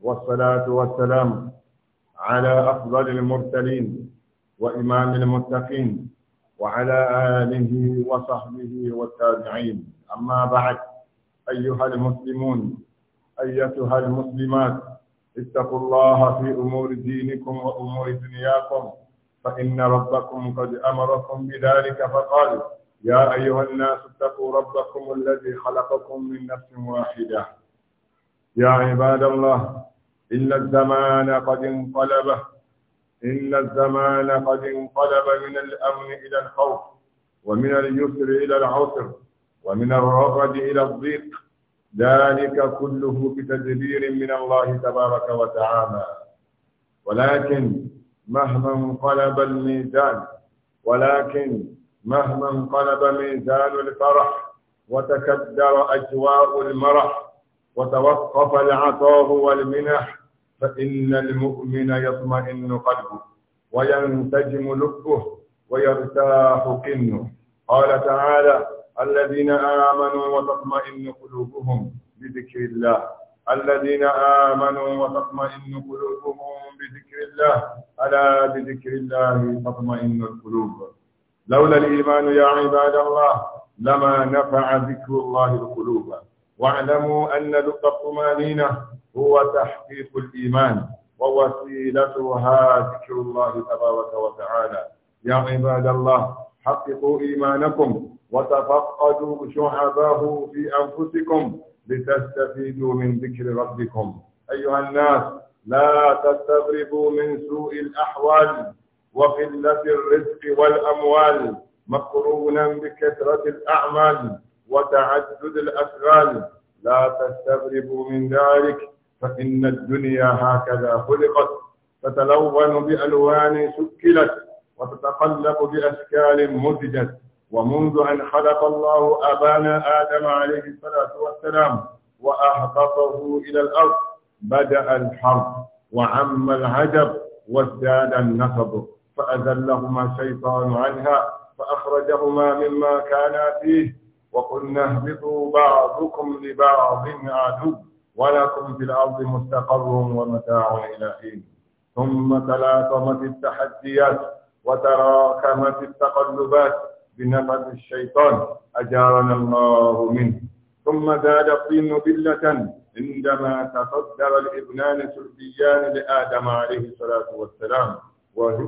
والصلاة والسلام على أفضل المرسلين وإمام المتقين وعلى آله وصحبه والتابعين أما بعد أيها المسلمون أيتها المسلمات اتقوا الله في أمور دينكم وأمور دنياكم فإن ربكم قد أمركم بذلك فقال يا أيها الناس اتقوا ربكم الذي خلقكم من نفس واحدة يا عباد الله إن الزمان قد انقلب إن الزمان قد انقلب من الأمن إلى الخوف ومن اليسر إلى العسر ومن الرغد إلى الضيق ذلك كله بتدبير من الله تبارك وتعالى ولكن مهما انقلب الميزان ولكن مهما انقلب ميزان الفرح وتكدر أجواء المرح وتوقف العطاء والمنح فإن المؤمن يطمئن قلبه وينتجم لبه ويرتاح كنه قال تعالى الذين آمنوا وتطمئن قلوبهم بذكر الله الذين آمنوا وتطمئن قلوبهم بذكر الله ألا بذكر الله تطمئن القلوب لولا الإيمان يا عباد الله لما نفع ذكر الله القلوب واعلموا أن لب الطمأنينة هو تحقيق الإيمان ووسيلتها ذكر الله تبارك وتعالى يا عباد الله حققوا إيمانكم وتفقدوا شعبه في أنفسكم لتستفيدوا من ذكر ربكم أيها الناس لا تستغربوا من سوء الأحوال وقلة الرزق والأموال مقرونا بكثرة الأعمال وتعدد الأشغال لا تستغربوا من ذلك فإن الدنيا هكذا خلقت تتلون بألوان شكلت وتتقلب بأشكال مزجت ومنذ أن خلق الله أبانا آدم عليه الصلاة والسلام وأهبطه إلى الأرض بدأ الحرب وعم العجب وازداد النصب فأذلهما الشيطان عنها فأخرجهما مما كانا فيه وقلنا اهبطوا بعضكم لبعض عدو ولكم في الأرض مستقر ومتاع إلى حين ثم تلاطمت التحديات وتراكمت التقلبات بنفس الشيطان أجارنا الله منه ثم زاد الطين بلة عندما تصدر الابنان سلبيان لآدم عليه الصلاة والسلام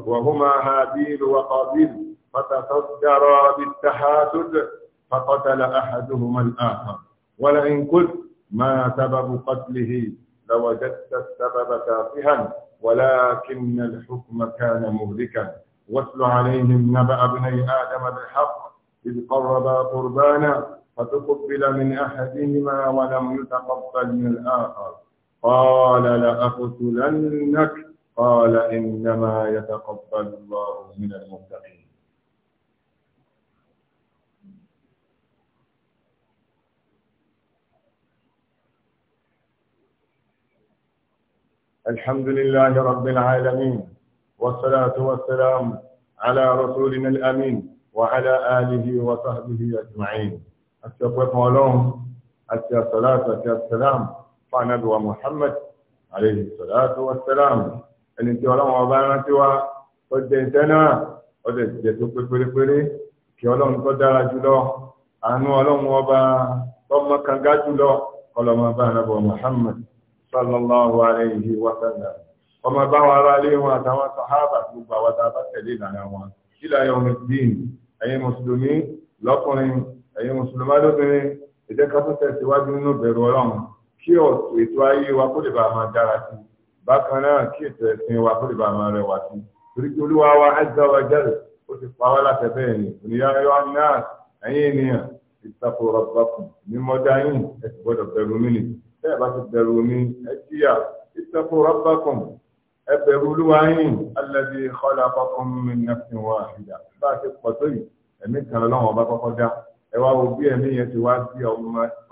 وهما هابيل وقابيل فتصدرا بالتحاسد فقتل أحدهما الآخر ولئن قلت ما سبب قتله لوجدت السبب تافها ولكن الحكم كان مهلكا واتل عليهم نبأ ابني آدم بالحق إذ قربا قربانا فتقبل من أحدهما ولم يتقبل من الآخر قال لأقتلنك قال إنما يتقبل الله من المتقين الحمد لله رب العالمين والصلاة والسلام على رسولنا الأمين وعلى آله وصحبه أجمعين أتقف ولهم أتى الصلاة أتى السلام فنبوى محمد عليه الصلاة والسلام أن انت ولهم وبانا سوى قد انتنا قد انتنا قد kí ọlọ́run tó dára jùlọ àánú ọlọ́run ọba tọ́mọ kanga jùlọ kọlọmọ bá anábọ̀ Muhammad sallallahu alayhi wa sallam ọmọ bá wọn ará ilé wọn àtàwọn sàhábà gbogbo àwọn tá a bá tẹ̀lé ìlànà wọn ila yawmiddin ẹ̀yin mùsùlùmí lọ́kùnrin ẹ̀yin mùsùlùmá lóbìnrin ìdẹ́kàtún tẹ̀síwájú nínú bẹ̀rù ọlọ́run kí ètò ayé wa kó lè bá máa dára sí bákan náà kí ètò ẹ̀sìn wa kó lè bá máa rẹwà sí torí pé olúwa wa wa jalla ó ti pa wá láti ẹ̀bẹ̀ ẹ̀yìn oníyáyọ bẹ́ẹ̀ bá ti bẹ̀rù mi ẹ jíyà ittaqu rabbakum ẹ bẹ̀rù olúwa yín alladhi khalaqakum min nafsin wahida bá a ti pọ̀ tó yìí ẹ̀mí kan lọ́wọ́ ọba kọ́kọ́ dá ẹ wá wo bí ẹ̀mí yẹn ti wá sí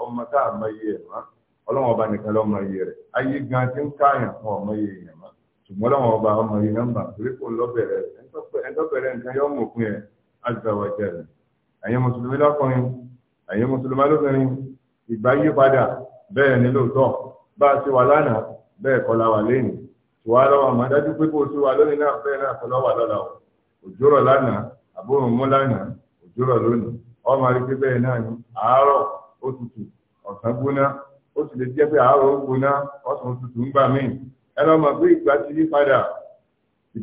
ọmọ tá a mọ iye ẹ̀ mọ́ ọlọ́wọ́ ọba nìkan ló mọ iye rẹ̀ ayé gan ti ń káyàn fún ọmọ iye yẹn ṣùgbọ́n lọ́wọ́ ọba ọmọ iye nọ́mbà torí kò lọ́bẹ̀rẹ̀ ẹ̀ńtọ́bẹ̀rẹ̀ bẹ́ẹ̀ ni lóòótọ́ bá a ti wà lánàá bẹ́ẹ̀ kọ́ wà lẹ́yìn wà lọ́wọ́ àmọ́ dájú pé bó o ti wà lónìí náà bẹ́ẹ̀ náà kọ́ lọ́wọ́ lọ́la o òjòrò lánàá àbúrò mú lánàá òjòrò lónìí ọmọ rí pé bẹ́ẹ̀ náà ni àárọ̀ ó tutù ọ̀sán gbóná ó sì lè jẹ́ pé àárọ̀ ó gbóná ọ̀sán tutù ń gbà míì pé ìgbà ti yí padà ò sí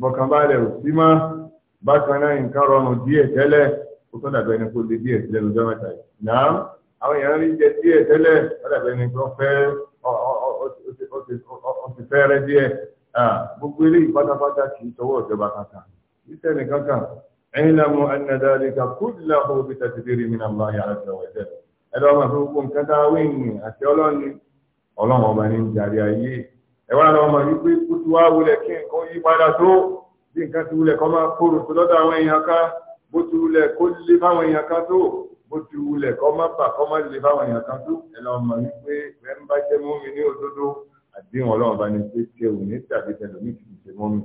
bákan náà nǹkan rọrùn díẹ̀ tẹ́lẹ̀ ó le díẹ̀ lọ́jọ́ mẹ́ta yìí àwọn èèyàn rí jẹ díẹ̀ tẹ́lẹ̀ ọ̀dàbẹ̀ ni tó fẹ́ ó ti fẹ́rẹ́ díẹ̀ gbogbo eléyìí pátápátá kì í tọwọ́ ìjọba kankan iṣẹ́ nìkan kan ẹ̀yin náà mú ẹnìdàdí ká kúndìlá owó bí tàbí mi náà máa yàrá ìjọba ìjẹ ẹ lọ́wọ́ máa fi gbogbo nǹkan tá a wí ní àti ọlọ́ni ọlọ́run ọba ní jàre ayé ẹ wá lọ́wọ́ máa wípé kó tí wàá wulẹ̀ kí nǹkan yí padà tó bí nǹkan ti wulẹ̀ kọ́ máa kóró tó lọ́dọ̀ àwọn èèyàn ká bó ti wulẹ̀ kó lé fáwọn èèyàn ká tó bó ti wulẹ̀ kọ́ má bà kọ́ má lè báwọn èèyàn kan tó ẹ lọ mọ̀ wípé ẹ ń bá jẹ́ mọ́mí ní òdodo àdéhùn ọlọ́run bá ní pé tẹ ò ní tàbí tẹ lómi kì ṣe mọ́mí.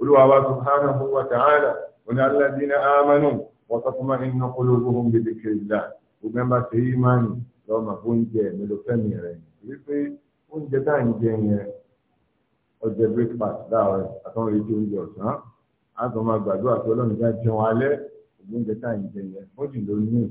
olúwa wa subhanahu wa ta'ala oní alladhina amanu wa tatma'innu qulubuhum bi dhikrillah gbogbo ẹ bá ṣe yí máa nì lọ́mọ oúnjẹ mélòó fẹ́mi rẹ̀ wípé oúnjẹ tá à ń jẹ yẹn ọjẹ breakfast láàárọ̀ àtàwọn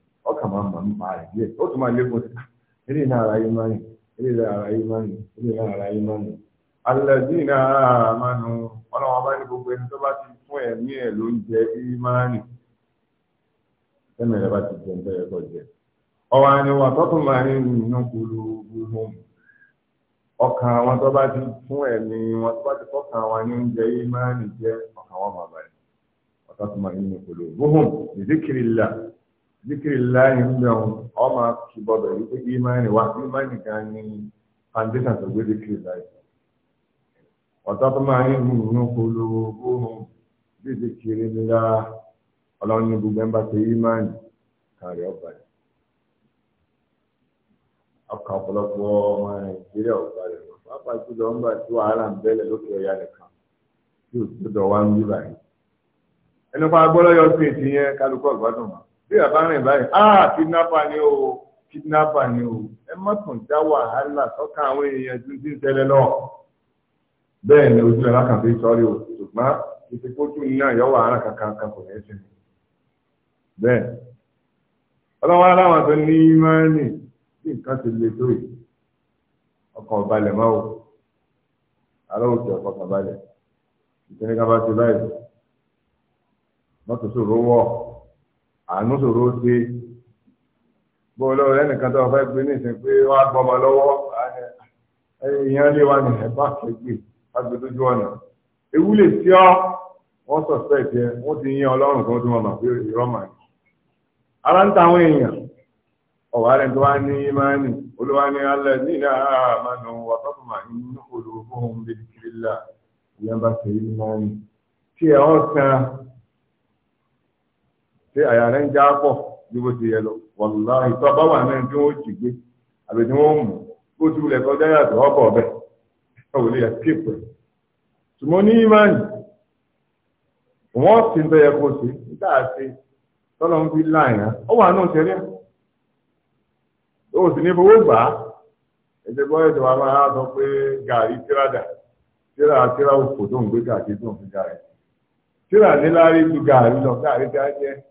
Ọ kama ma nípa rẹ̀ díẹ̀ otu tún máa lékún ah, ara yín máa na ara yín máa ń na ara yín máa ń. na àmànù ọlọ́wọ́n bá ní gbogbo ẹni tó bá ti fún ẹ̀mí ẹ̀ ló ń jẹ ìmánì tẹ́mẹ̀rẹ̀ ti jẹ. ti wọn ti jẹ wọn zikiri láàyè ń bẹ̀ wọn ọmọ kìbọ̀dọ̀ yìí pé ìmáàní wa ìmáàní gan ni foundation tó gbé zikiri láàyè ọ̀tọ́ tó máa ń mú inú polówó bóhùn bí zikiri ńlá ọlọ́run ní gbogbo ẹ̀ńbà tó ìmáàní kàrí ọba yìí ọkà ọ̀pọ̀lọpọ̀ ọmọ nàìjíríà ọba rẹ̀ pápá ìtúdọ̀ ń gbà tí wàhálà ń bẹ́lẹ̀ lókè ọ̀yà nìkan tí òtútù dọ̀ wá ń bí báyìí ẹnu pa agbọ́lọ́yọ̀ sí ètí yẹn kálukú ọ̀gbádùn wọn bí bàbá rìn báyìí ah kidnapper ni o kidnapper ni o ẹ má tún dá wàhálà sọ́kàn àwọn èèyàn tó ti ń tẹ́lẹ̀ lọ bẹ́ẹ̀ ni ojú ẹ̀ lákàn fi sọ́rí o ṣùgbọ́n ìfikójú náà yọ wàhálà kankan kan kò ní í sinmi bẹ́ẹ̀ ọlọ́wọ́ aláwọ̀n tó ní ìmánì tí nǹkan ti le tó yìí ọkàn ọ̀balẹ̀ máa wò aláwọ̀ tí ọkàn ọ̀balẹ̀ ìpínlẹ̀ ká bá báyìí mọ́tò àánú ṣòro ṣe bọ́ọ̀lọ́ ẹnìkan tó fẹ́ gbé ní ìsìn pé wọ́n á gbọ́mọ lọ́wọ́ èèyàn lè wà ní ẹ̀bá kẹgbẹ́ láti lójú ọ̀nà ewu lè tí ọ́ wọ́n sọ̀spẹ̀tì ẹ wọ́n ti yín ọlọ́run kan tó wọn mà pé irọ́ mà ní. ara ń ta àwọn èèyàn ọ̀wá rẹ̀ tó wá ní imáni olúwa ní alẹ́ ní ilẹ̀ àmàna wà tọ́kùn mà ní olùkọ́ bíi kìlá ìyẹn bá ṣe imáni tí ẹ̀ ọ́ san ṣé àyà ń já pọ̀ bí bó ti yẹ lọ wọ̀lá ìtọ́ bá wà náà tí wọ́n jì gbé tí wọ́n mú bó ti wulẹ̀ ọkọ̀ lè escape rẹ̀ ní ìmáàyì wọ́n ti ń tọ́yẹ kó ṣe nígbà tí ń fi láàyàn ó wà náà ṣẹlẹ̀ ó sì ní fowó gbà á ẹ̀jẹ̀ gbọ́ ẹ̀jẹ̀ wa máa sọ pé gàrí tíra tíra tó ń gbé gàrí tó ń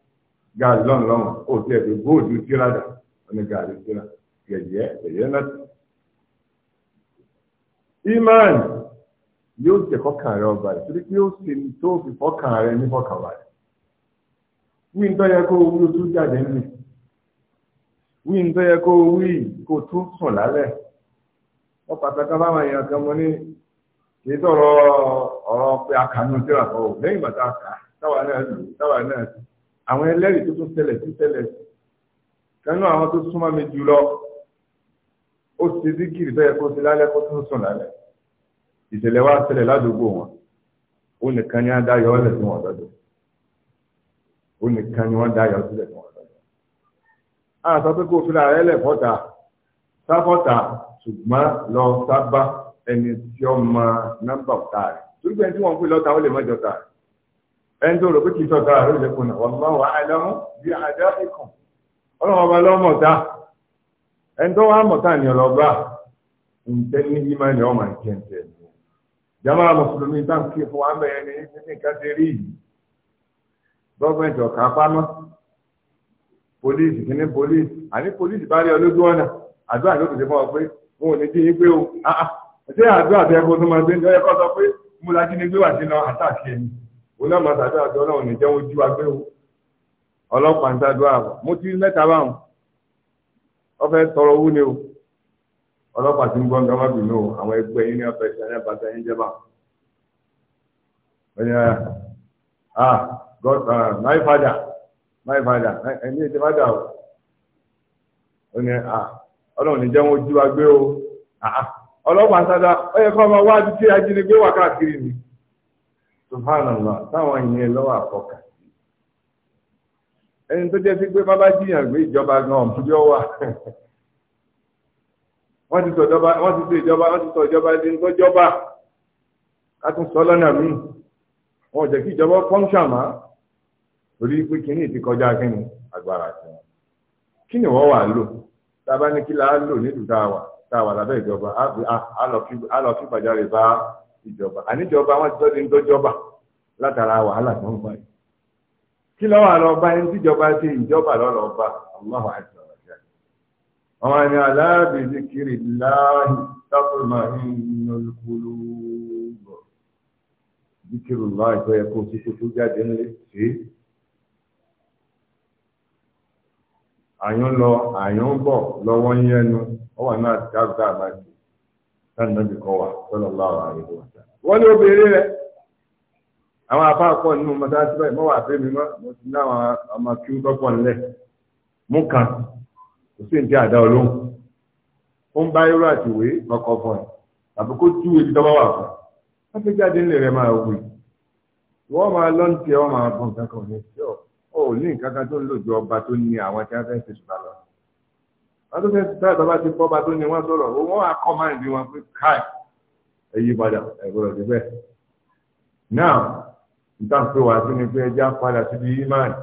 gaari long lọ́wọ́ ó ti ẹ̀ pé góòdù tíra dà ó ní gaari iman yóò ọba rẹ̀ torí pé ó tó fi fọ́kàn rẹ ní fọ́kàn wà rẹ̀. wí ń tọ́yẹ kó wí ojú jáde nù wí ń tọ́yẹ kó wí kó tún sùn lálẹ́. wọ́n pàtàkì báwọn èèyàn kan mọ́ ní kì í ọ̀rọ̀ pé lẹ́yìn bàtà kà táwa náà lù táwa náà àwọn ẹlẹ́rìí tó tún ṣẹlẹ̀ sí ṣẹlẹ̀ kanú àwọn tó súnmọ́ mi jù lọ ó ti díkìrì tó yẹ kó ti lálẹ́ kó tún sùn lálẹ́ ìṣẹ̀lẹ̀ wa ṣẹlẹ̀ ládùúgbò wọn ó nìkan ni wọ́n dá yọ ọ́lẹ̀ sí wọn lọ́dọ̀ ó nìkan ni wọ́n dá yọ sílẹ̀ sí wọn lọ́dọ̀ a sọ pé kó fi ra ẹlẹ̀ fọ́ta sáfọ́ta ṣùgbọ́n lọ sábà ẹni tí ó mọ nọ́mbà ọ̀tá rẹ̀ torí pé tí wọ́n ń pè lọ́ta ó lè mọ́jọ́ta rẹ̀ ẹni tó rò pé kì í sọ̀tà rẹ̀ lè kùnà wallahu a'lamu bí àdá ikùn ọlọ́wọ́ lọ́mọ̀ta ẹni tó wá mọ̀ta ni ní ọmọ ìkẹ́ǹtẹ̀ jama mùsùlùmí fún wa mẹ́rin ní polisi kìíní polisi àní polisi bá rí ọ̀nà àdúrà ló fún ọ pé wọn ò ní dín in o ah, ah. ṣé àdúrà tẹ́ kó tó máa gbé ń òun náà máa ṣàdúrà pé ní jẹun ojú agbé o ọlọ́pàá ń ṣàdúrà bọ̀ mo ti mẹ́ta báwọn ọfẹ́ tọrọ owó ni o Ọlọpàá ti ń gbọ́ nǹkan máa bínú o àwọn ẹgbẹ́ yín ní ọ̀fẹ́ ṣàlẹ́ yín ah God uh, my father my father ẹni ètè father o ah ní jẹun ojú agbé o ń wá ti ṣe subhanallah táwọn ìyẹn lọ́wọ́ àkọ́kà ẹni tó jẹ sí pé bábá jiyàn gbé ìjọba gan ọ̀mùdí ọwà ti sọ ìjọba wọ́n ti sọ ìjọba wọ́n ti sọ ìjọba ẹni tó jọba tún sọ wọn ò kí ìjọba má torí pé kínní ti kọjá kínní agbára wọn wà ìjọba àníjọba wọn ti tọ́ di ńdọ́jọba látara wàhálà tó ń bá yìí kí lọ́wọ́ àlọ́ba ẹni tíjọba ṣe ìjọba lọ́lọ́ba Allahu àìsàn ọ̀jẹ̀ àwọn ẹni aláàbìsí kiri láàyè olùkúlù bọ̀ lọ bọ̀ lọ́wọ́ yẹnu ọwọ́ táwọn náà kọ́ wa sallallahu alaihi wa sallam. wọ́n ní obìnrin rẹ̀ àwọn afá pọ̀ nínú mọ́tàlásí báyìí mọ́wà fẹ́mi mọ́ mo ti ní àwọn ọmọ kí wọ́n pọ̀ nílẹ̀ mú kan kò sí nǹkan àdá olóhùn ó ń bá irú àtiwé kọ́kọ́ fún ẹ tàbí kó tú ibi tó bá wà fún ẹ wọ́n fi jáde nílé rẹ̀ máa wù wọ́n máa lọ́ntì ẹ̀ wọ́n máa bọ̀ nǹkan kan ní ọ̀ ò ní nǹkan kan tó ń lò ju ọba tó ní àwọn tí wọ́n fẹ́ ṣe ṣùgbọ́n wọ́n tó fẹ́ bẹ́ẹ̀ bàbá ti fọ́ bá tó ní wọ́n sọ̀rọ̀ wọ́n á kọ́ máa ń bí wọn pé káì ẹ̀yí padà ẹ̀gbọ́dọ̀ ti bẹ́ẹ̀. náà nítorí pé wàá sí ni pé ẹja padà síbi imáàni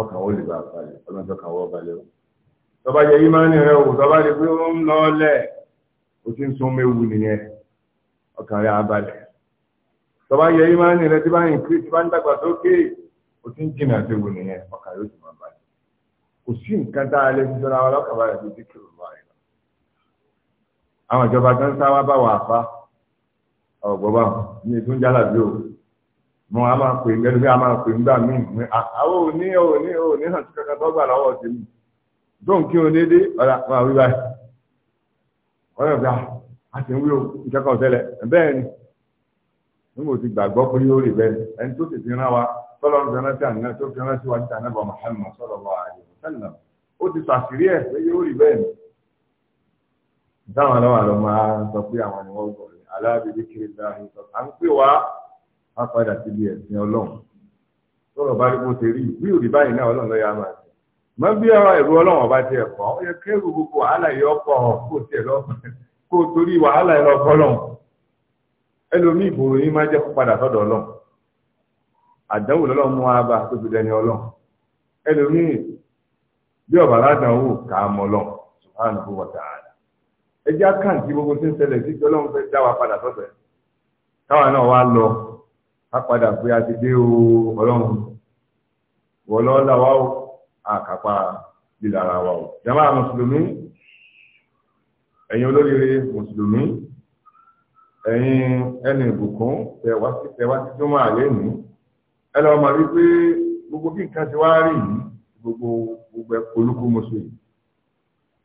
ọkàn ó lè bá a balẹ̀ ọlọ́run tó kàn wọ́ balẹ̀ o. tọ́ba jẹ imáàni rẹ o tọ́ba jẹ pé ó ń lọ lẹ̀ o ti ń sun méwu nìyẹn ọkàn rẹ á balẹ̀. tọ́ba jẹ imáàni rẹ tí bá ń dàgbà sókè o ti ń jìnnà sí wu nìyẹn ọkàn rẹ ó ti máa balẹ̀ kò sí nǹkan tá a lè fi sọ́ra wa lọ́kàbà rẹ̀ bíi dìkìrù lọ àìlọ́. àwọn ìjọba tó ń sáwá bá wà fa ọ̀gbọ́bà ní ètò ìjálà bí o mo a máa pè ní ẹlẹ́gbẹ́ a máa pè nígbà míì pé àwọn òní òní òní hàn tí kankan tó gbà lọ́wọ́ ti mú dóun kí o dédé ọ̀la máa wí báyìí wọ́n yọ̀ bí a ti ń wí o ìkẹ́kọ̀ọ́ tẹ́lẹ̀ bẹ́ẹ̀ ni nígbà tí gbàgbọ́ pé yóò rí bẹ́ẹ̀ ẹni tó sì fi rán wa tọ́lọ́run fi rán sí àná tó fi rán sí wa níta náà bọ̀ Muhammad sallallahu alaihi sẹ́lẹ̀ ó ti sàṣírí ẹ̀ pé yóò rí bẹ́ẹ̀ ni. táwọn aláwọ̀ àlọ́ máa sọ pé àwọn ni wọ́n gbọ́ rẹ̀ aláàbẹ̀bẹ̀ kiri dáhùn sọ à ń pè wá á padà síbi ẹ̀sìn ọlọ́run tọ́rọ̀ bá rí bó ṣe rí bí òrí báyìí náà ọlọ́run lọ́yà máa ṣe mọ bí ẹ̀rù ọlọ́run ọba tiẹ̀ kọ́ ó yẹ kẹ́rù gbogbo wàhálà yìí ọkọ̀ kó tiẹ̀ lọ kó torí wàhálà yìí lọ́kọ́ lọ́hùn ẹlòmíì ìbòrò yìí máa jẹ́ kó padà sọ́dọ̀ ọlọ́run àdánwò lọ́lọ́run mú wa bá tóbi dẹni ọlọ́run ẹlòmíì bí ọ̀bà ládàáwò ká mọ́ lọ subhanahu wa ta'ala ẹjẹ́ àkáǹtì gbogbo tí ń ṣẹlẹ̀ sí pé ọlọ́run fẹ́ dá wa padà sọ́sẹ̀ káwa náà wá lọ ká padà pé a ti dé o ọlọ́run wọlọ́ọ́lá wa ó àkàpà lílara wa ó jàmáà mùsùlùmí ẹ̀yin olóríire mùsùlùmí ẹ̀yin ẹni ìbùkún tẹ̀wá sí tẹ̀wá sí jọmọ́ àlẹ́ nù ẹ lọ́ọ́ mọ̀ wípé gbogbo bí nǹkan ti wá rí yìí gbogbo gbogbo olúkú mùsùlùmí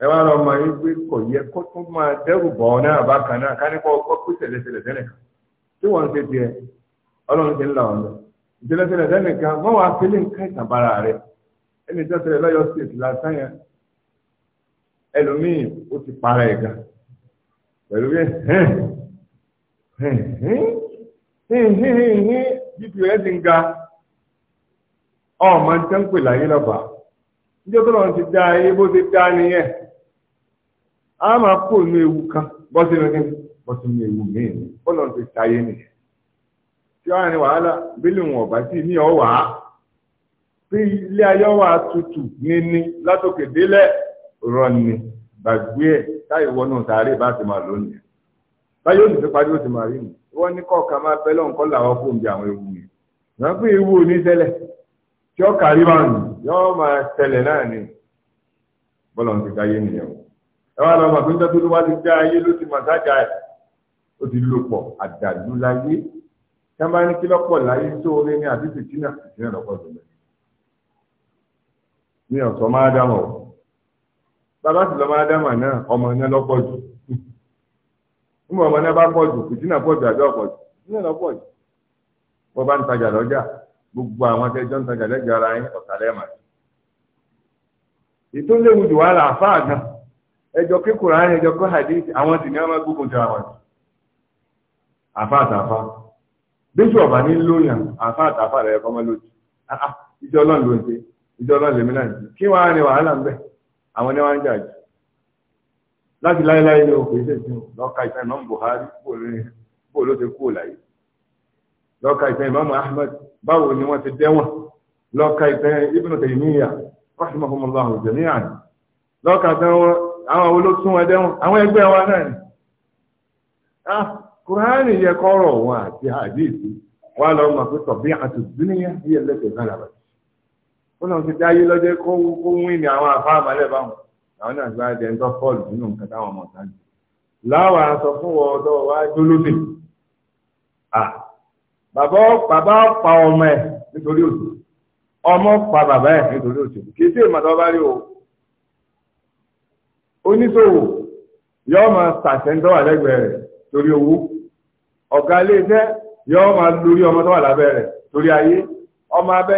ẹ wá lọ mọ yín pé kò yẹ kó tún máa bọ̀ náà bákan náà ọkọ pé tẹ́lẹ̀tẹ́lẹ̀ tẹ́lẹ̀ kan tí wọ́n ń ṣe tiẹ̀ Ọlọ́run ti ń là wọn lọ ìtẹ́lẹ̀tẹ́lẹ̀ kan wọ́n wá fílẹ̀ ká ìtàbára rẹ̀ ẹni tó tẹ́lẹ̀ lọ́yọ̀ state lásán ọmọ ń tẹ́ ń pè láyé lọ́ba níjọ́ tó lọ́n ti dá ayé bó ti dá nìyẹn a máa kó inú ewu kan bọ́ sínú kí bọ́ sínú ewu míì ni ó lọ́n ti sáyé nìyẹn tí wàá ní wàhálà bílí wọn ọ̀bá ní bí ilé wà tutù níní látòkè délẹ̀ rọ̀nì gbàgbé ẹ̀ táyì wọnú sàárè bá ti máa lónìí ní fi parí ó ti máa rí wọ́n ní máa fẹ́ lọ́nkọ́ làwọn fóun bí àwọn ewu tí ó kàrí bá nù yóò máa tẹlẹ̀ náà ni bọ́lá ń ti ká ayé nìyẹn ẹ wá lọ́mọ tó ń tẹ́ tó ló wá ti dá ayé ló ti mà sájà ẹ̀ ó ti lò pọ̀ àdàlú láyé tí wọ́n bá ní kí lọ́pọ̀ láyé tó orí ní àbí fìtínà fìtínà lọ́pọ̀ jùlọ ní ọ̀sọ́ máa dámọ̀ bàbá sì lọ máa dámọ̀ náà ọmọ náà lọ́pọ̀ jù nígbà ọmọ náà bá pọ̀ jù fìtínà pọ̀ jù àjọ ọ̀pọ̀ jù fìtínà lọ́pọ̀ jù bọ́ bá ń tajà lọ́jà gbogbo àwọn akẹjọ́ ń tajà lẹ́gbẹ̀ẹ́ ara yín ọ̀tàlẹ́ mà sí. ètò léwu jù wá làáfà gan ẹjọ́ kí Kùránì ẹjọ́ kó hadith àwọn sì ní wọn máa gbógun tira wọn. àfa àtàfà bíṣọ̀ ọ̀bà ní lóyàn àfa àtàfà rẹ̀ kọ́ mọ́ lójú ah, ah, ìjọ ọlọ́run ló ń ṣe ìjọ ọlọ́run lèmi náà ń ṣe kí wọ́n á ní wàhálà ń bẹ̀ àwọn ni wọ́n ń jà jù láti láéláé ní òkè iṣẹ́ ìṣẹ́ lọ́ka ìṣẹ́ náà Buhari bó ló ti kú òláyé lọ́ka ìtàn ìmáàmù ahmed báwo ni wọ́n ti dẹ́wọ̀n lọ́ka ìtàn ibnu taymiya rahimahumullahu jami'an lọ́ka ìtàn wọn àwọn olóṣùn wọn dẹ́wọ̀n àwọn ẹgbẹ́ wa náà ni. Ah, kùránì yẹ kọ́rọ̀ wọn àti àdìsí wọn lọ mọ̀ pé tọ̀bí àti dúníyà yẹ lẹ́sẹ̀ náà làbàjẹ́. ó lọ́n ti dáyé lọ́jọ́ kó wí ni àwọn fọ́ọ̀lù nínú nǹkan táwọn ọmọ ọ̀tá láwàá sọ fún ọ̀dọ́ wa dúró lóde bàbá bàbá pa ọmọ ẹ̀ nítorí òjò ọmọ pa bàbá ẹ̀ nítorí òjò kì í sí ìmọ̀tọ́ bá rí o oníṣòwò yóò máa sàṣẹ́ńtọ́ wà lẹ́gbẹ̀ẹ́ rẹ̀ torí owó ọ̀gá ilé iṣẹ́ yóò máa lórí ọmọ tó wà lábẹ́ rẹ̀ torí ayé ọmọ abẹ́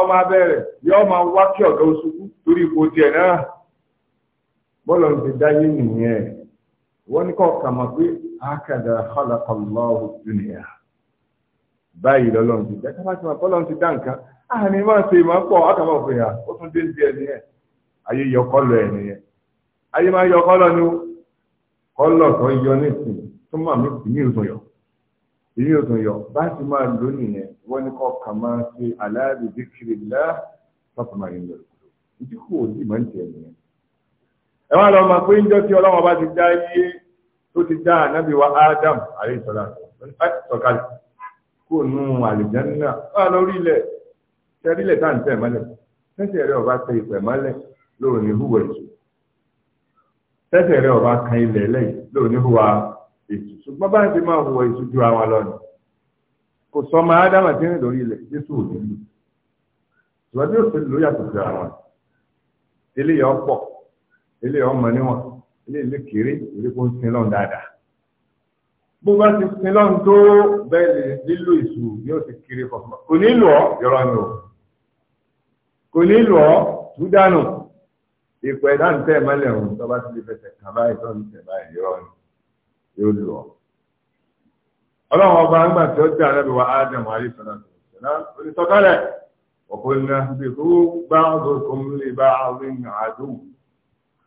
ọmọ abẹ́ rẹ̀ yóò máa wá kí ọ̀gá oṣùkú torí ipò tiẹ̀ náà bọ́ọ̀lù ti dáyé nìyẹn wọ́n ní kọ́ kàmọ́ pé àkàdà khalaqa Allahu báyìí lọ́lọ́run ti jẹ́ káfá ti máa bọ́lọ́run ti dá nǹkan àní máa ṣe ìmọ̀ pọ̀ àkàmọ́ òfin yà ó tún dé díẹ̀ nìyẹn ayé yọ kọ́lọ̀ ẹ̀ nìyẹn ayé máa yọ kọ́lọ̀ ni kọ́lọ̀ tó yọ nísìn tó máa òtún yọ òtún yọ bá ti máa lò nìyẹn wọ́n ní kọ́ kà máa ṣe aláàbì lá máa yẹn lọ ìdí kò iye tó ti dá kó nu àlìjánná wà lórí ilẹ̀ tẹ́rí ilẹ̀ ń tẹ̀ mọ́lẹ̀ tẹ́sẹ̀ rẹ ọba tẹ ìpẹ̀ mọ́lẹ̀ lóru ní hùwà ètò tẹ́sẹ̀ rẹ ọba kan ilẹ̀ lẹ́yìn lóru ní hùwà ètò ṣùgbọ́n bá ń ju àwọn lọ ni kò sọ ma ádámà tí ń lórí ilẹ̀ jésù ò nílò ṣùgbọ́n ló yàtọ̀ àwọn níwọ̀n ń bó bá ti sin lọ́n tó bẹ́ẹ̀ nílò ìṣù yóò ti kiri fọ̀fọ̀ kò nílò ọ́ yọ̀rọ̀ ni ò kò nílò ọ́ tú dànù ìpò ẹ̀dá ń tẹ̀ mọ́lẹ̀ ọ̀hún tó bá ti lè fẹsẹ̀ kàn báyìí tó ń tẹ̀ báyìí yóò lù ọ́. ọlọ́run ọba ńgbà tí ó dé anábì wa Adam wa alẹ́ sọ̀rọ̀ onítọ́kálẹ̀ ọ̀pọ̀ ìnáwó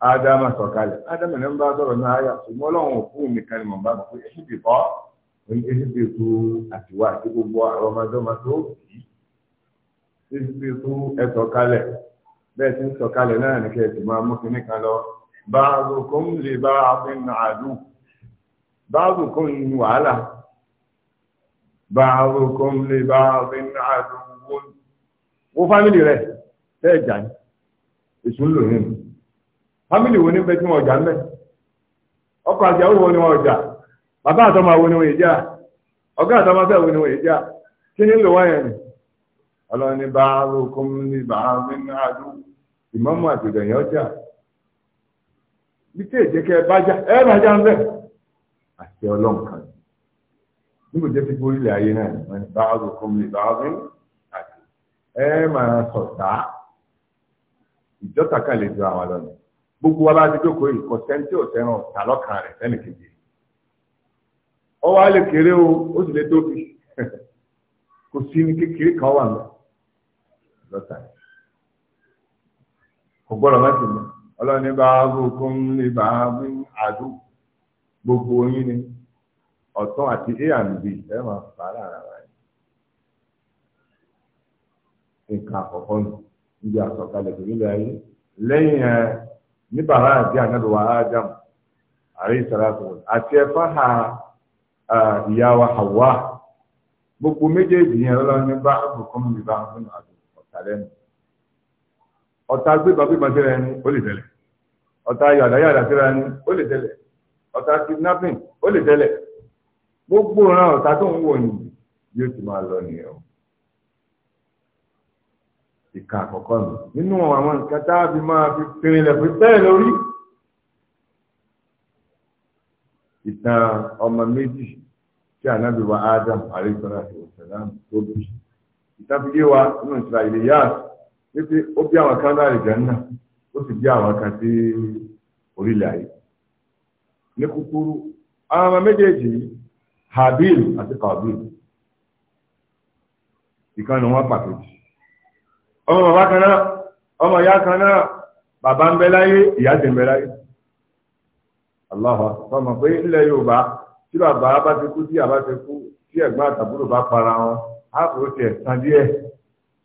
ádámà sọ̀kalẹ̀ ádámà ní ń bá sọ̀rọ̀ náà ayà ṣùgbọ́n ọlọ́run òkú mi kan ni mò ń bá bọ̀ pé èyí ti bọ́ èyí ti tu àtiwá àti gbogbo àwọn ọmọdéwọ́mọ tó yìí èyí ti tu ẹ̀sọ̀kalẹ̀ bẹ́ẹ̀ ti ń sọ̀kalẹ̀ náà ní kẹ́ẹ̀sì máa mú kinní kan lọ báàbùkún lè bá àfin àdú báàbùkún ní wàhálà báàbùkún lè bá àfin àdú wọ́n fámìlì rẹ̀ tẹ́ẹ̀ jà ní èṣù nínú. fámìlì wo ni bẹ ọjà mẹ ọkọ àjàwò wo ni wọn ọjà bàbá àtọmọ wo ni wọn èjà ọgá àtọmọ ni wọn kí ni ni ní ìmọ̀mọ́ ọjà tí èjì kẹ bájá ẹ bájá ń bẹ àti ọlọ́run kan níbo jẹ́ náà ní ẹ máa sọ̀tà ìjọ́ta kan lè gbogbo wa bá ti jókòó yìí kọ̀sẹ́ni tí ò lọ́kàn rẹ̀ ọ wá lè kéré o ó sì lè tóbi kò sí ní kékeré kan wà lọ lọ́tà yìí kò gbọ́dọ̀ má ti mú ọlọ́ni bá lè gbogbo yín ni ọ̀tún àti ẹ máa fà á lára wa yìí nǹkan àkọ́kọ́ nù níbi tó nílò ní bàrá àti ànábì wa ádámù àrí ìsàlátù àti ẹ̀fà ha ìyá wa Hawa gbogbo méjèèjì yẹn lọ́lọ́ ní bá àbùkọ́ mi bá àwọn àti ọ̀tá lẹ́nu ọ̀tá gbégbá gbégbá síra ẹni ó lè tẹ̀lẹ̀ ọ̀tá yàdá yàdá síra ẹni ó lè tẹ̀lẹ̀ ọ̀tá kidnapping ó lè tẹ̀lẹ̀ gbogbo ọ̀ràn ọ̀tá tó ń wò ní yóò ti máa lọ nìyẹn o ìka àkọ́kọ́ mi nínú àwọn nǹkan tá a fi máa fi pinrinlẹ̀ fi bẹ́ẹ̀ lórí ìtàn ọmọ méjì tí ànábì wa Adam àríkọ́lá àti òṣèlám tó bí ìtàn fi yé wa nínú ìtura ilé yá wípé ó bí àwọn kan láàrin gan náà ó sì bí àwọn kan sí orílẹ̀ ayé ní kúkúrú àwọn ọmọ méjèèjì Habil àti Kabil ìkànnì wọn pàtó jù ọmọ bàbá kan náà ọmọ ìyá kan náà bàbá ń bẹ láyé ìyá sì ń bẹ láyé aláhùn ọmọ pé ilẹ̀ yorùbá tí bàbá bá ti kú tí àbá ti kú tí ẹ̀gbọ́n àtàbúrò bá para wọn á kò tiẹ̀ san díẹ̀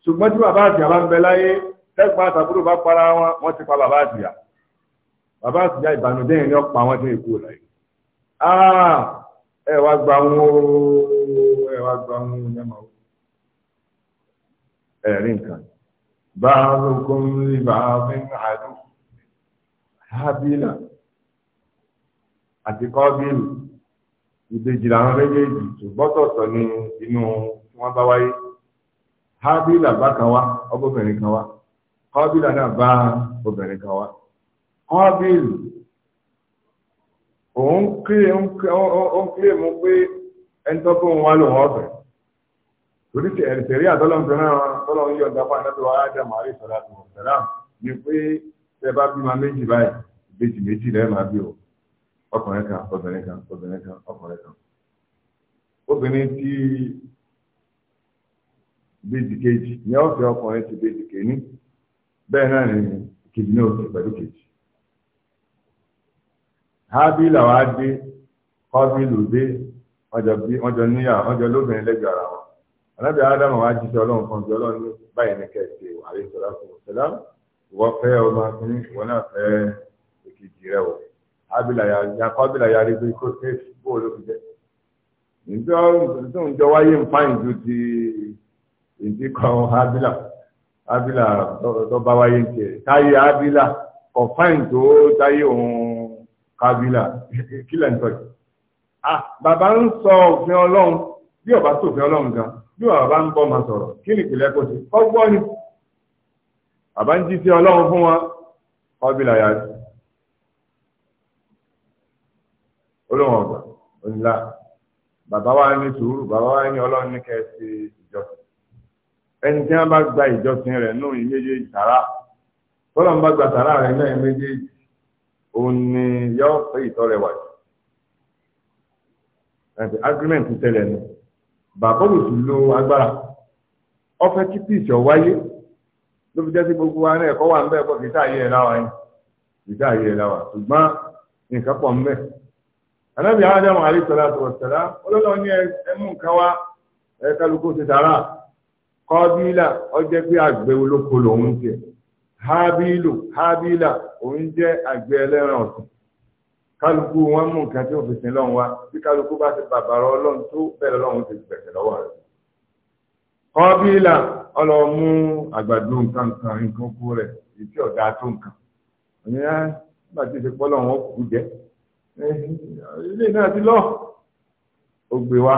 ṣùgbọ́n tí bàbá àti àbá ń bẹ láyé tẹ́gbọ́n àtàbúrò bá para wọn wọ́n ti pa bàbá àtìyà bàbá àtìyà ìbànújẹ́ yẹn ni wọ́n pa wọ́n tí èkó láyé ah! ẹ wá gba wọn ooo ẹ wá gba wọn ooo ẹ máa nǹkan بعضكم لبعض عدو hábílà àti kọ́bílù ìbejì làwọn méjèèjì ṣùgbọ́tọ̀tọ̀ ní inú wọn bá wáyé hábílà bá kan wá ọgbọ́bìnrin kan wá kọ́bílà náà bá obìnrin kan wá òun kílè mú pé ẹni tó kó wọn torí tẹ̀rí àtọ́lọ́mùtọ́ náà tọ́lọ́mù yọ̀ ọ̀gá fún àtàtọ̀ ajá màálì sọ̀rọ̀ àti mọ̀tẹ́lá ni pé tẹ bá bí ma méjì báyìí ìbejì méjì lẹ́ẹ̀ máa bí o ọkùnrin kan obìnrin kan obìnrin kan ọkùnrin kan obìnrin tí ìbejì kejì ni ó fẹ́ ọkùnrin ti ìbejì kéní bẹ́ẹ̀ náà ni kejì náà ti pẹ̀lú kejì hábìlà wa dé kọ́bìlù dé wọ́n jọ níyà wọ́n jọ lóbìnrin lẹ́gbẹ̀ẹ́ ara wọn anábì ádámù wá jíṣẹ́ ọlọ́run kan jọ ọlọ́run ní báyìí ní kẹ́ẹ̀sì àrí sọ̀rọ̀ àkókò sẹ́lá wọ́n fẹ́ ọmọ akínní wọn náà fẹ́ èkejì rẹ̀ wọ̀ akọ́bìlà yarí pé kó ṣe bóòlù fi jẹ́ níjọ́ tó ń jọ wáyé ń fáyìn ju ti ìdí kan ábílà ábílà tó bá wáyé ń táyé ábílà kọ̀ tó táyé òun kábílà kílẹ̀ ń tọ́jú. Ah, bàbá ń sọ òfin ọlọ́run bí ọba sófin ọlọ́run gan-an bí wọn bá ń bọ́ ma sọ̀rọ̀ kí ni ìpìlẹ̀ kò sí ọgbọ́n ni bàbá ń jí sí ọlọ́run fún wọn ọbìlà yá sí olóhùn ọgbà ńlá bàbá wa ní sùúrù bàbá wa ní ọlọ́run ní kẹsì ìjọsìn ẹni tí wọn bá gba ìjọsìn rẹ̀ nù ní méjèèjì sàrà tọ́lọ̀ bá gba sàrà rẹ̀ náà méjèèjì òun ni yọ pé ìtọ́ rẹ̀ wà jù agreement tẹ́lẹ̀ ni. bàbá òsì lo agbára ọfẹ kí píìsì ọwáyé ló fi jẹ́ sí gbogbo wa náà ẹ̀kọ́ wà ń bẹ ẹ̀kọ́ kì í láwa yẹn kì í sáàyè láwa ṣùgbọ́n nǹkan pọ̀ ń bẹ. anábì Ádámù alayhi salatu ní ẹmú nǹkan ti pé olóko jẹ òun kálukú wọn mú nǹkan tí òfin sin lọ́hùn wa bí kálukú bá ti bàbàrọ̀ ọlọ́run tó bẹ̀rẹ̀ lọ́hùn ti gbẹ̀sẹ̀ lọ́wọ́ rẹ̀. kọ́bílà ọlọ́ọ̀ mú àgbàdo nǹkan kan nǹkan kú rẹ̀ ètí ọ̀dà tó nǹkan. òyìnbá nígbà tí ìṣepọ̀ lọ́hùn ó kú jẹ́ eh, ilé náà ti lọ́ ó gbé wa.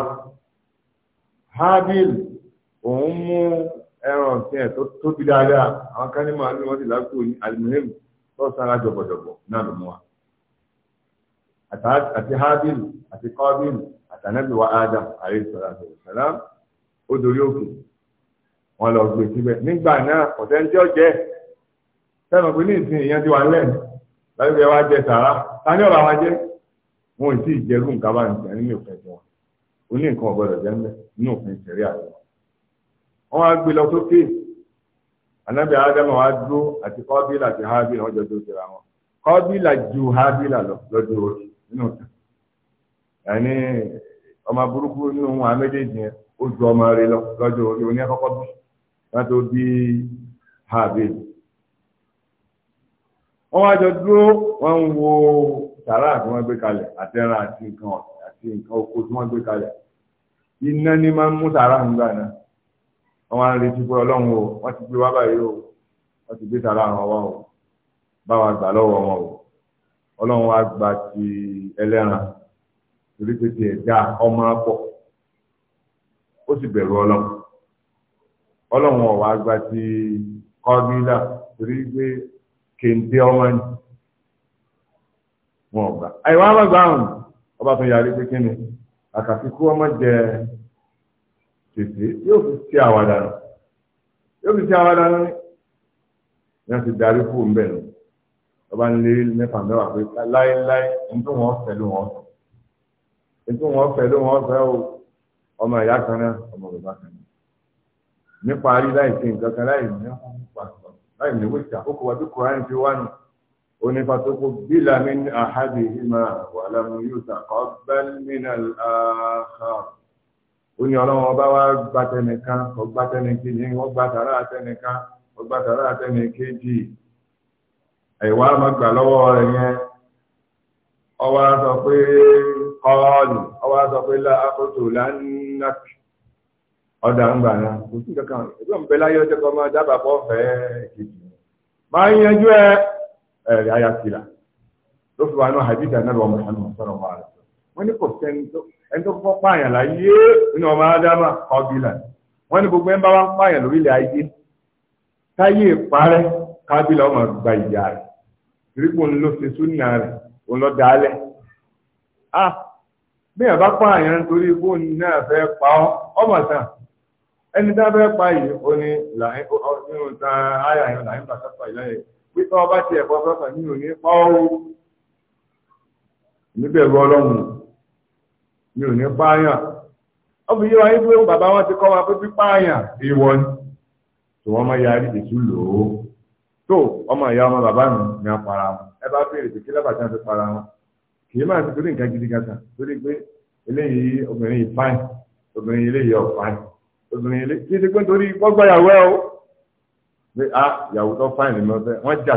hábìl òun mú ẹran ọ̀sìn ẹ̀ tó tóbi dáadáa àwọn kánímọ̀ àlùmọ́tì lágbo ní àlùmíhìn tó sára jọ̀bọ̀jọ̀bọ̀ náà ló mú wa àti habil àti kọ́bìl àtànẹ́bì wa adam àríṣọ́láṣọ́ ìṣẹ́lá ó dorí òkè wọn lọ gbé síbẹ̀ nígbà náà ọ̀tẹ́ńtì ọ̀jẹ́ sẹ́nu pé ní ìsìn ìyẹn ti wà nílẹ̀ lábẹ́ bí wàá jẹ sàrà ta ní ọ̀rọ̀ àwọn jẹ́ wọn ò tí ì jẹ́rú nǹkan bá nìkan nínú òfin tiwọn ó ní nǹkan ọ̀gbọ́dọ̀ jẹ́ ńlẹ̀ nínú òfin ìṣẹ̀rí àwọn wọn wá gbé lọ sókè ànábì adam wa dúró àti kọ́bìlà àti habil wọn jọ dúró síra wọn kọ́bìlà ju habil lọ lọ́dún oṣù nínú ìtàn ẹni ọmọ burúkú nínú wọn àméjèèjì yẹn ó ju ọmọ rẹ̀ lọ lọ́jọ́ orí oní àkọ́kọ́ bí wọn tó bí Habil wọn wá jọ dúró wọn ń wo sàrà tí wọn gbé kalẹ̀ àtẹrà àti nǹkan ọ̀sìn àti nǹkan oko tí wọn gbé kalẹ̀ iná ni máa ń mú sàrà ń gbà náà wọn wá ń retí pé Ọlọ́run o wọn ti gbé wá báyìí o wọn ti gbé sàrà àwọn wa o báwa gbà lọ́wọ́ wọn o. ọlọ́run wa gba ti ẹlẹ́ran torí pé ẹ̀dá ọmọ pọ̀ ó sì bẹ̀rù ọlọ́run ọlọ́run ọ̀wá gba ti kọ́bílà torí pé kéńté ọmọ ni wọn gbà àìwá wọn gbà ọ̀hún ọba tó ọmọ jẹ tètè yóò fi ṣe àwàdà nù yóò fi ṣe àwàdà nù ni wọn ti darí ọba ń lé mẹ́fà mẹ́wàá pé láéláé ní tó wọ́n fẹ́ ló wọ́n fẹ́ ní tó wọ́n fẹ́ ló wọ́n fẹ́ o ọmọ ìyá kan náà ọmọ bàbá kan náà nípa rí láì sí nǹkan kan láì ní láì ní wíṣà ó kọ wá bí kòrán ti wá nù ó ní fatókò bí làmì ní àhádì ìmọ̀ wàhálà mu yóò ta kọ́ bẹ́ẹ̀ àhà ó ní ọlọ́wọ́n ọba wa gbàtẹ́nìkan ọgbàtẹ́nìkejì ọgbàtàrà àtẹ́nìkan ọgbàtàrà àtẹ́nìkejì. ẹ̀wà àmọ́gbà lọ́wọ́ rẹ̀ yẹn ọwá sọ pé kọ́ọ̀lù ọwá sọ pé láàkótó lánàkì ọ̀dà ń gbà náà kò sí kankan ẹgbẹ́ òǹbẹ láyé ọjọ́ kan máa dábàá pọ̀ fẹ́ẹ́ kejì máa ń yanjú ẹ ẹ̀rẹ̀ ló fi wà ní àdìjà náà lọ́wọ́ sọ̀rọ̀ wà rẹ̀ wọ́n ní kò sẹ́ni tó ẹni tó fọ́ pààyàn láyé nínú ọmọ rípò ńlọ ṣe súnà rẹ̀ òun lọ dálẹ̀ ah bí bá pa àyàn nítorí bó náà fẹ́ pa ọ ọmọ ẹni tá pa yìí ó ní làyín nínú ọrụ áyà yẹn làyín bàtà pa ọba tiẹ̀ pa ọ́ o níbẹ̀ ọlọ́run pé bàbá wọn ti kọ́ wa pé ni tí wọ́n máa tó ọmọ ìyá ọmọ bàbá mi ni a para wọn ẹ bá béèrè pé kí lábàtí wọn para wọn kì í máa ti torí nǹkan gidi gata torí pé eléyìí obìnrin yìí fáìn obìnrin eléyìí obìnrin eléyìí pé nítorí gbọ́gbọ́ ẹ o pé a yàwó tó fáìn ni mo fẹ́ wọ́n jà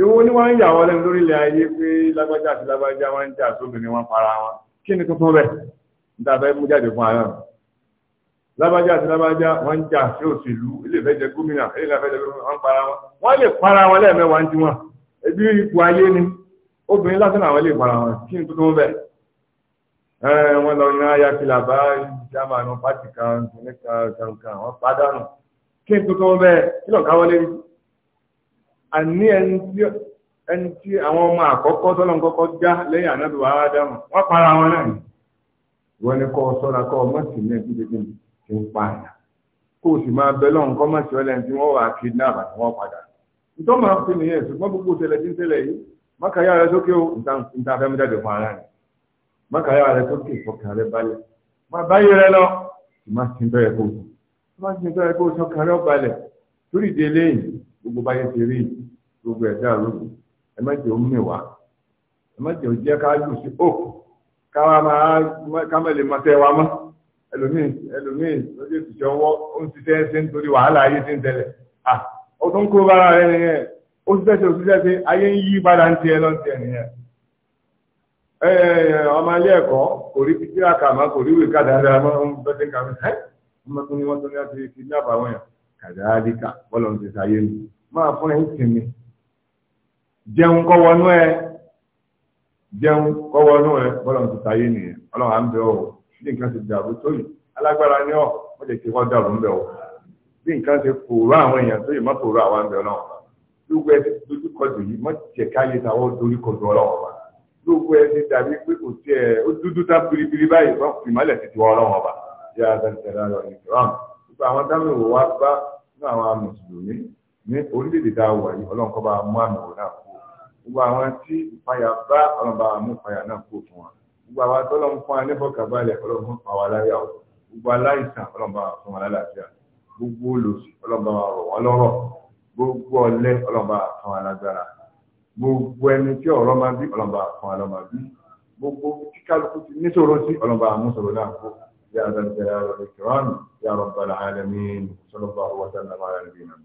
ìwọ ni wọ́n ń yà wọlé lórí ilẹ̀ ayé pé lágbájá àti lágbájá wọ́n ń jà para wọn kí ni tuntun mú jáde fún lábájá àti lábájá wọ́n ń jà sí òṣèlú ilé ìfẹ́ jẹ gómìnà ilé ìfẹ́ jẹ wọ́n ń para wọn wọ́n lè para wọn lẹ́ẹ̀mẹ́wàá ń tí wọn ebi ipò ayé ni obìnrin lásán àwọn ilé ìpara wọn kí n tó tó bẹ́ẹ̀ wọ́n lọ yan aya kìlà bá jámánù pátì kan níka kankan wọ́n pàdánù kí n tó tó bẹ́ẹ̀ kí lọ́ọ̀ká wọlé rí àní ẹni tí àwọn ọmọ àkọ́kọ́ tọ́lọ́n kọ́kọ́ já lẹ́yìn ànábìwá ádámù wọ́n para wọn náà wọ́n ní kọ́ sọ́ra kọ́ mọ́sí ní ẹgbẹ́ gbẹ́gbẹ́ ti ń pààyàn kó o sì máa bẹ lọ́run kọ́ mọ̀sí ọlẹ́ni tí wọ́n wà kidnap àti wọ́n padà nítorí máa fi nìyẹn ṣùgbọ́n gbogbo ìṣẹ̀lẹ̀ tí ń ṣẹlẹ̀ yìí mákàyà rẹ sókè o níta fẹ́ mú jáde fún ara rẹ mákàyà rẹ sókè fọkàn rẹ balẹ̀ máa rẹ lọ ti kó ti kó torí gbogbo ti rí gbogbo lóko ẹ má jẹ́ wá ẹ má jẹ́ ká lù sí ká má lè tẹ́ wa ẹlòmíì ẹlòmíì lójú ìtìjọ ọwọ́ ó ń ṣiṣẹ́ ṣe nítorí wàhálà ayé ti ń tẹ̀lẹ̀ à ó tún kó bára rẹ nìyẹn ó ṣiṣẹ́ o òṣìṣẹ́ ṣe ayé ń yí padà ń tiẹ̀ lọ́n tiẹ̀ nìyẹn. ọmọ ilé ẹ̀kọ́ kò rí títí àkà mọ́ kò rí ìwé kádàrá mọ́ ń bẹ́tẹ̀ kàwé ẹ́ ọmọ tó ní wọ́n tó ní láti fi ní àbáwọn yàn kádàrá díkà bọ́lọ̀ ń ti sáyé mi máa fún ẹ̀ ń sinmi jẹun kọ́ wọnú ẹ jẹun kọ́ wọnú ẹ bọ́lọ̀ ń ti sáyé nìyẹn bí nǹkan ti dàrú tó yìí alágbára ní ọ̀ wọ́n jẹ́ kí wọ́n dàrú ń bẹ̀ bí nǹkan ti pòórá àwọn èèyàn tó yìí má pòórá àwọn àbẹ̀ náà lóògùn ẹ ti dojúkọdù yìí má jẹ́ káyé táwọn dojúkọdù ọlọ́wọ́ wa lóògùn ẹ ti dàbí pé kò tiẹ̀ ó dúdú tá biribiri báyìí wọ́n fi mọ́lẹ̀ ti ti wọ́n ọlọ́wọ́ wa yá adájọ́ ayọ̀ ní ìkìlọ́n nípa àwọn dáhùn ìwò wa bá ní àwọn mùsùlùmí ní orílẹ̀-èdè tá wà yìí ọlọ́nkọ́ bá mú àmì òun náà kú gbogbo àwọn tí ìpayà bá ọlọ́nba mú ìpayà náà kú fún wa gbogbo àwa tó lọ́n fún wa nífọ̀kàbalẹ̀ ọlọ́run fún àwa láyà o gbogbo aláìsàn ọlọ́run bá wa fún wa lálàáfíà gbogbo olòṣì ọlọ́run bá wa rọ̀ wọ́n lọ́rọ̀ gbogbo ọ̀lẹ ọlọ́run bá wa fún wa gbogbo ẹni tí ọ̀rọ̀ máa bí ọlọ́run fún wa bí gbogbo kíkálukú ti níṣòro sí ọlọ́run bá náà kó يا ذا الجلال والإكرام يا رب العالمين صلى الله وسلم على نبينا